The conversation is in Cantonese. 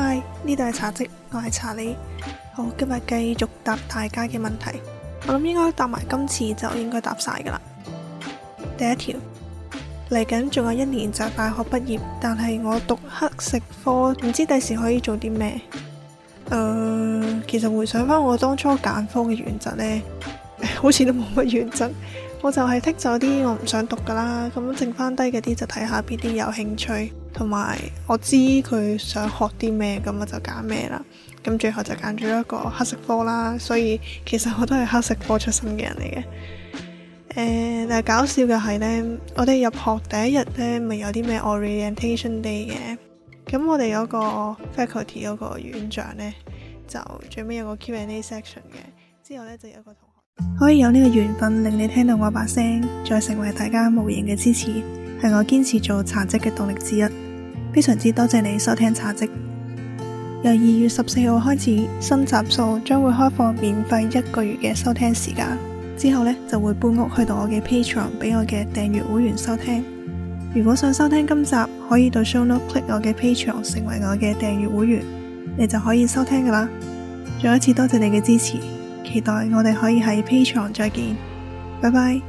嗨，呢度係茶嘖，我係查理。好，今日繼續答大家嘅問題。我諗應該答埋今次就應該答晒噶啦。第一條，嚟緊仲有一年就大學畢業，但係我讀乞食科，唔知第時可以做啲咩？誒、呃，其實回想翻我當初揀科嘅原則呢，好似都冇乜原則，我就係剔咗啲我唔想讀噶啦，咁剩翻低嗰啲就睇下邊啲有興趣。同埋我知佢想學啲咩，咁我就揀咩啦。咁最後就揀咗一個乞食科啦，所以其實我都係乞食科出身嘅人嚟嘅。誒、嗯，但係搞笑嘅係呢，我哋入學第一日呢，咪有啲咩 orientation day 嘅。咁我哋有個 faculty 嗰個院長呢，就最尾有個 Q&A section 嘅。之後呢，就有一個同學可以有呢個緣分令你聽到我把聲，再成為大家無形嘅支持，係我堅持做茶嘖嘅動力之一。非常之多謝你收聽《茶嘖》，由二月十四號開始，新集數將會開放免費一個月嘅收聽時間，之後呢，就會搬屋去到我嘅 Patreon 俾我嘅訂閱會員收聽。如果想收聽今集，可以到 show note click 我嘅 Patreon 成為我嘅訂閱會員，你就可以收聽噶啦。再一次多謝你嘅支持，期待我哋可以喺 Patreon 再見，拜拜。